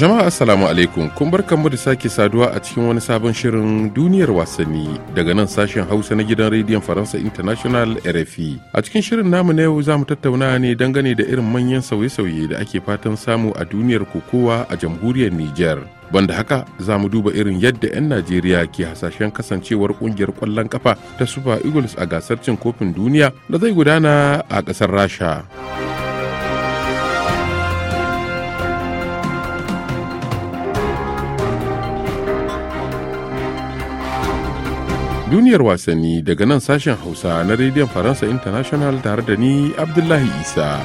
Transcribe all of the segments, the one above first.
Jama'a Assalamu alaikum kun mu da sake saduwa a cikin wani sabon shirin duniyar wasanni daga nan sashen Hausa na gidan rediyon Faransa International RFI. A cikin shirin namu na yau za mu tattauna ne dangane da irin manyan sauye-sauye da ake fatan samu a duniyar kokowa a jamhuriyar niger Banda haka za mu duba irin yadda 'yan Najeriya ke hasashen kasancewar kungiyar kwallon kafa ta Super Eagles a gasar cin kofin duniya da zai gudana a ƙasar Rasha. duniyar wasanni daga nan sashen hausa na rediyon faransa international tare da ni abdullahi isa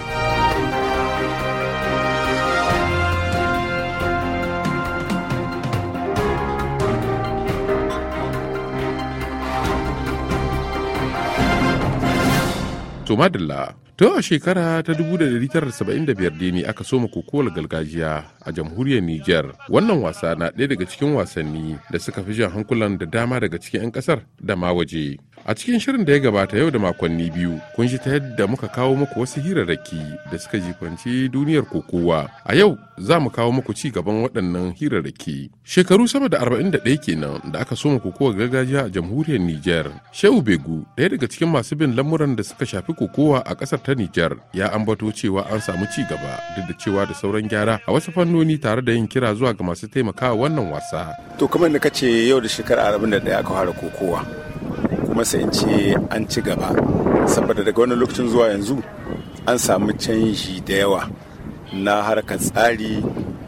to Tun a shekara ta 1975 ne aka soma kokowar gargajiya a jamhuriyar Niger Wannan wasa na ɗaya daga cikin wasanni da suka fi jan hankulan da dama daga cikin 'yan ƙasar da ma waje. A cikin shirin da ya gabata yau da makonni biyu, kun shi ta yadda muka kawo muku wasu hirarraki da suka jifanci duniyar kokowa. A yau za mu kawo muku ci gaban waɗannan hirarraki. Shekaru sama da arba'in da ɗaya kenan da aka soma kokowa gargajiya a jamhuriyar Nijar. Shehu Begu, ɗaya daga cikin masu bin lamuran da suka shafi kokowa a ƙasar ta Nijar, ya ambato cewa an samu ci gaba duk da cewa da sauran gyara a wasu fannoni tare da yin kira zuwa ga masu taimakawa wannan wasa. To kamar da kace yau da shekara arba'in da ɗaya aka fara kokowa. kuma sai in ce an ci gaba saboda daga wani lokacin zuwa yanzu an samu canji da yawa na harkar tsari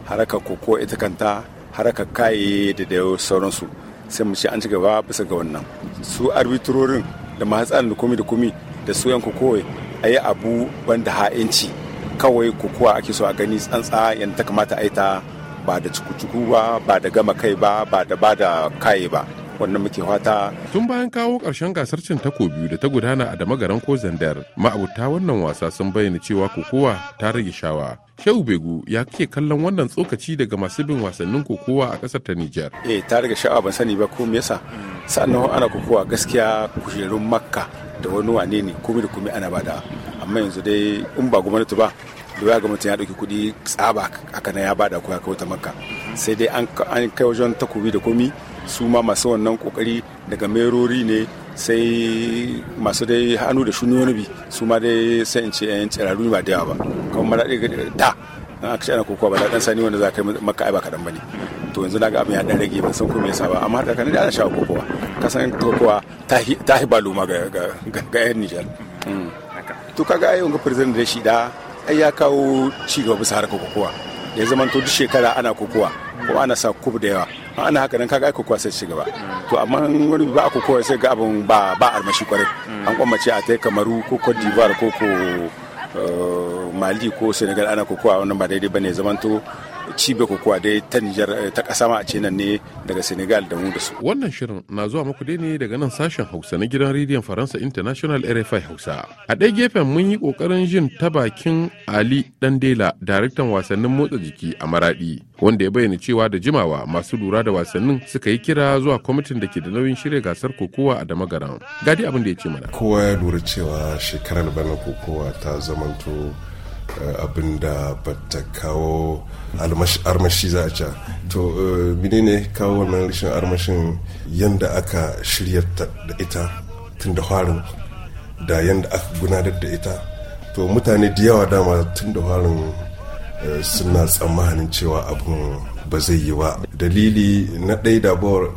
harkar koko ita kanta harkar kaye da da sauransu sai mu ce an ci gaba bisa ga wannan su arbitrorin da mahatsarin da kumi da kumi da su yan koko a yi abu banda ha'inci kawai kokowa ake so a gani tsantsa yadda ta kamata a yi ta ba da cuku-cuku ba ba da gama kai ba ba da ba da kaye ba wannan muke fata. Tun bayan kawo karshen gasar cin takobi da ta gudana a damagaran ko zandar ma'abuta wannan wasa sun bayyana cewa kokowa ta rage shawa. Shehu Begu ya ke kallon wannan tsokaci daga masu bin wasannin kokowa a kasar ta Nijar. Eh ta rage shawa ban sani ba ko me yasa. sannan ana kokowa gaskiya kujerun Makka da wani wane ne kome da kome ana bada. Amma yanzu dai in ba gwamnati ba doya ga mutum ya dauki kuɗi tsaba a na ya bada ko ya kawo ta makka sai dai an kai wajen takobi da komi su ma masu wannan kokari daga merori ne sai masu dai hannu da shuni wani bi su ma dai sai in ce yan tsirarru ba da yawa ba kamar maraɗi da an aka ce ana kokowa ba da ɗan sani wanda za ka yi maka ai ba kaɗan ba ne to yanzu na ga abin ya ɗan rage ban san ko me yasa ba amma da kanin da ana shawo kokowa ka san kokowa ta hi ba ga ga yan Nijar hmm. to kaga ai wanga president da shi da ai ya kawo ci gaba bisa harkar kokowa ya zama to duk shekara ana kokowa ko ana sa kub da yawa ana haka nan kaga ai kokowa sai shiga ba to amma wani ba a kokowa sai ga abin ba ba armashi kwarai an kwamace a tai kamaru ko cote d'ivoire ko ko eh, mali ko senegal ana kokowa wannan ba daidai bane zamanto cibe kokowa dai ta Nijar eh, ta kasa ma a ce nan ne daga Senegal da mu da su. Wannan shirin na zuwa muku dai ne daga nan sashen Hausa na gidan rediyon Faransa International RFI Hausa. A ɗaya gefen mun yi ƙoƙarin jin ta bakin Ali Dandela, daraktan wasannin motsa jiki a Maraɗi, wanda ya bayyana cewa da jimawa masu lura da wasannin suka yi kira zuwa kwamitin da ke da nauyin shirya gasar kokowa a Damagaran. Gadi abin da ya ce mana. Kowa ya lura cewa shekarar bana kokowa ta zamanto Eh, abin da ba ta kawo armashi za a to to eh, ne kawo wannan rashin armashin yadda aka shirya da ita tun da harin da yadda aka gudanar da ita to mutane da yawa dama tun da harin eh, suna tsammanin cewa abin ba zai yi ba dalili na ɗai da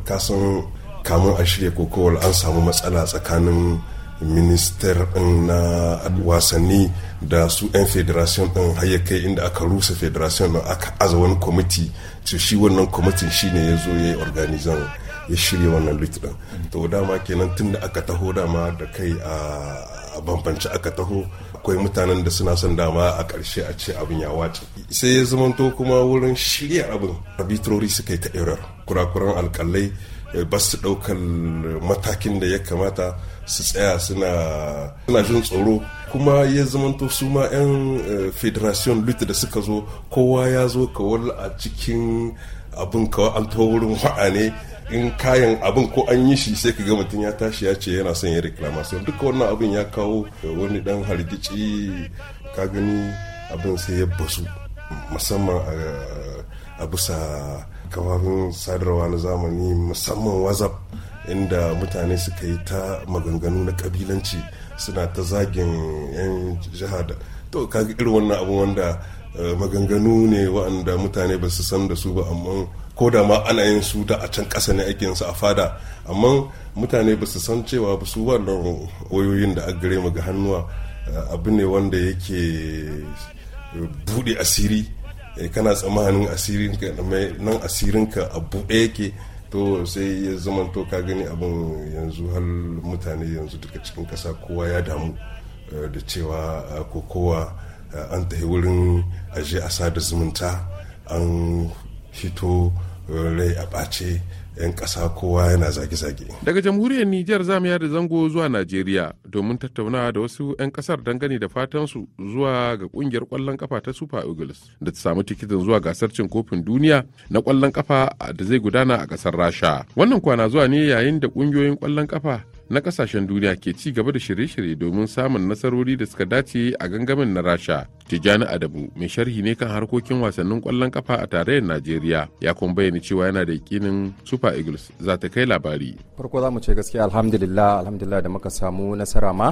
kasan kamun a shirya kokowar an samu matsala tsakanin minister na wasanni da su 'yan federation din haya kai inda aka rusa federation ɗin aka aza wani kwamiti to shi wannan kwamitin shine ya zo ya yi organizan ya shirya wannan litinin. ɗin to dama kenan tun da aka taho dama da kai a bambance aka taho akwai mutanen da suna son dama a ƙarshe a ce abin ya wace sai ya zamanto kuma wurin shirya abin abitrori suka yi ta error kurakuran alƙalai Eh, ba su daukan matakin da ya kamata su tsaya suna jin tsoro kuma ya zamanto su ma 'yan eh, federation lute da suka zo kowa ya zo kawal a cikin abin kawai an wurin wa'a ne in kayan abin ko an yi shi sai ka ga mutum ya tashi ya ce yana son ya reclamation duka wannan abin ya kawo wani dan hargici ka gani abin sai ya basu musamman eh, a bisa kafafin sadarwa na zamani musamman whatsapp inda mutane suka yi ta maganganu na kabilanci suna ta zagin 'yan jihada to kaga irin wannan abu wanda eh, maganganu ne waɗanda mutane ba su san da su ba amma ko da ma ana yin su da a can ƙasa ne ake su a fada amma mutane ba su san cewa ba su wannan wayoyin da gare mu ga hannuwa eh, abu ne wanda yake eh, buɗe asiri Eh, kana tsammanin asirin ka nan asirin ka a buɗe yake to sai ya zama to ka gani abin yanzu har mutane yanzu duka cikin ƙasa kowa ya damu eh, da cewa ko kowa an tafi wurin aje a sada zumunta an hito eh, rai a ɓace 'yan ƙasa kowa yana zage-zage. Daga jamhuriyar Nijar zamu yada zango zuwa Najeriya domin tattaunawa da wasu 'yan ƙasar dangane da fatansu zuwa ga ƙungiyar ƙwallon ƙafa ta Super Eagles da ta samu tikitin zuwa gasar cin kofin duniya na ƙwallon ƙafa da zai gudana a ƙasar Rasha. Wannan kwana zuwa ne yayin da ƙungiyoyin ƙwallon ƙafa na kasashen duniya ke ci gaba da shirye-shirye domin samun nasarori da suka dace a gangamin na rasha tijjani adamu mai sharhi ne kan harkokin wasannin kwallon kafa a tarayyar najeriya ya kuma bayyana cewa yana da yakinin super eagles za ta kai labari farko za mu ce gaskiya alhamdulillah alhamdulillah da muka samu nasara ma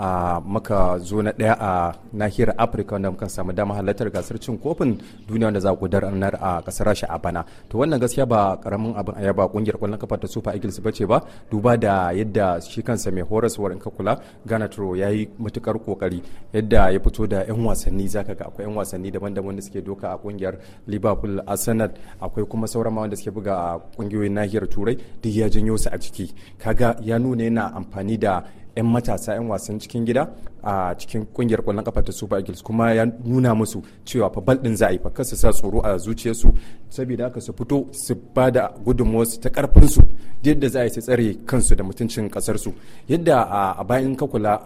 a maka zo na ɗaya a nahiyar afirka wanda muka samu dama halartar gasar cin kofin duniya wanda za ku gudanar a kasar rasha a bana to wannan gaskiya ba karamin abin a yaba kungiyar kwallon kafa ta super eagles ba ce ba duba da yadda shi kansa mai horas in ka kula gana tro ya yi matukar kokari yadda ya fito da yan wasanni zaka ga akwai yan wasanni daban-daban da suke doka a kungiyar liverpool arsenal akwai kuma sauran ma wanda suke buga a kungiyoyin nahiyar turai duk ya janyo su a ciki kaga ya nuna yana amfani da 'yan matasa 'yan wasan cikin gida a cikin kungiyar kwallon kafa ta Super Eagles kuma ya nuna musu cewa fa bal din za a yi fa su sa tsoro a zuciyarsu saboda haka su fito su ba da gudunmuwarsu ta karfin su yadda za a yi su tsare kansu da mutuncin kasar su yadda a bayan ka kula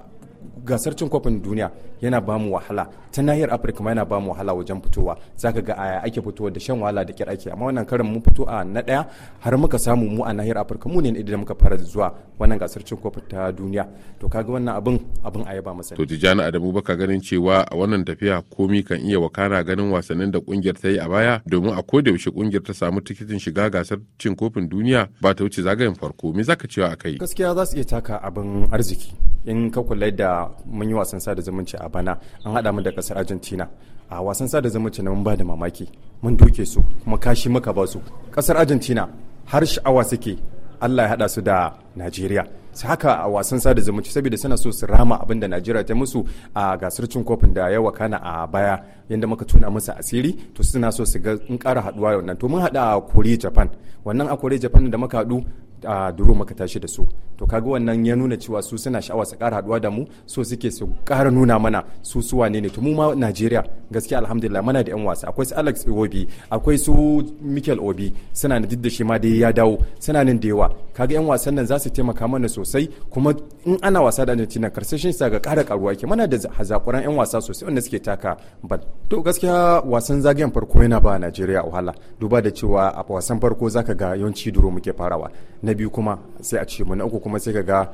gasar cin kofin duniya yana ba mu wahala ta nahiyar afirka ma yana ba mu wahala wajen fitowa za ka ga aya ake fitowa da shan wahala da kyar ake amma wannan karin mun fito a na daya har muka samu mu a nahiyar afirka mu ne idan muka fara zuwa wannan gasar cin kofin ta duniya to kaga wannan abin abin aya ba masani to tijani adamu baka ganin cewa a wannan tafiya komi kan iya wakana ganin wasannin da kungiyar ta yi a baya domin a koda yaushe kungiyar ta samu tikitin shiga gasar cin kofin duniya ba ta wuce zagayen farko me zaka cewa akai gaskiya za su iya taka abin arziki in ka kula da mun yi wasan sada zumunci a bana an haɗa mu da kasar argentina a wasan sada zumunci na mun ba da mamaki mun duke su kuma kashi muka ba su kasar argentina har sha'awa suke allah ya haɗa su da najeriya sai haka a wasan sada zumunci saboda suna so su rama abin da najeriya ta musu a gasar cin kofin da ya wakana a baya yadda muka tuna musu asiri to suna so su ga in kara haduwa wannan to mun hada a kore japan wannan a kore japan da muka haɗu. a duro maka tashi da su to kaga wannan ya nuna cewa su suna sha'awa su ƙara haɗuwa da mu so suke su ƙara nuna mana su su wane ne to mu ma Najeriya gaskiya alhamdulillah mana da yan wasa akwai su Alex Iwobi akwai su Mikel Obi suna da didda shi ma da ya dawo suna nan da yawa kaga yan wasan nan za su taimaka mana sosai kuma in ana wasa da Argentina karsashin sa ga ƙara karuwa yake mana da hazakuran yan wasa sosai wanda suke taka bal to gaskiya wasan zagayen farko yana ba Najeriya wahala duba da cewa a wasan farko zaka ga yawanci duro muke farawa na biyu kuma sai a ce mu na uku kuma sai ka ga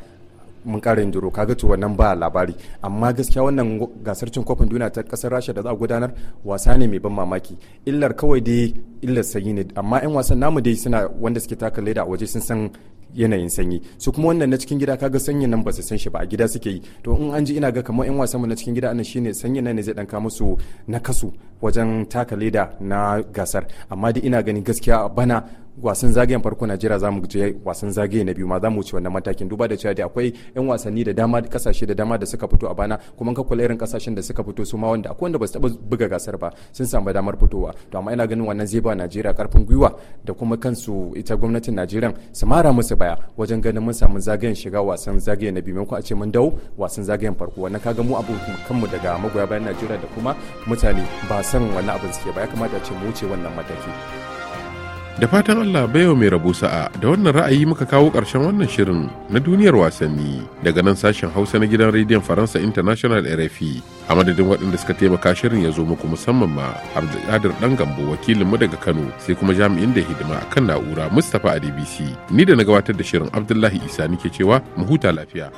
mun ƙara yin duro kaga to wannan ba labari amma gaskiya wannan gasar cin kofin duniya ta kasar rasha da za a gudanar wasa ne mai ban mamaki illar kawai dai illar sanyi ne amma 'yan wasan namu dai suna wanda suke taka leda a waje sun san yanayin sanyi su kuma wannan na cikin gida kaga sanyin nan ba su san shi ba a gida suke yi to in an ji ina ga kamar yan wasan mu na cikin gida ana shine sanyin nan ne zai dan kawo musu na kasu wajen taka leda na gasar amma dai ina ganin gaskiya bana wasan zagayen farko najeriya za mu je wasan zagaye na biyu ma za mu ci wannan matakin duba da cewa da akwai yan wasanni da dama kasashe da dama da suka fito a bana kuma ka kula irin kasashen da suka fito su ma wanda akwai wanda ba su taba buga gasar ba sun samu damar fitowa to amma ina ganin wannan zai ba najeriya karfin gwiwa da kuma kansu ita gwamnatin najeriya su mara musu baya wajen ganin mun samu zagayen shiga wasan zagaye na biyu maimakon a ce mun dawo wasan zagayen farko wannan kaga mu abu kanmu daga magoya bayan najeriya da kuma mutane ba san wani abin suke ba ya kamata ce mu wuce wannan mataki da fatan Allah baiwa mai rabu sa'a da wannan ra'ayi muka kawo ƙarshen wannan shirin na duniyar wasanni daga nan sashen hausa na gidan rediyon faransa international rfi a madadin waɗanda suka taimaka shirin ya zo muku musamman ma abdulkadir dan gambo wakilinmu daga kano sai kuma jami'in da hidima a kan na'ura mustapha a dbc ni da na gabatar da shirin abdullahi isa nike cewa mu huta lafiya.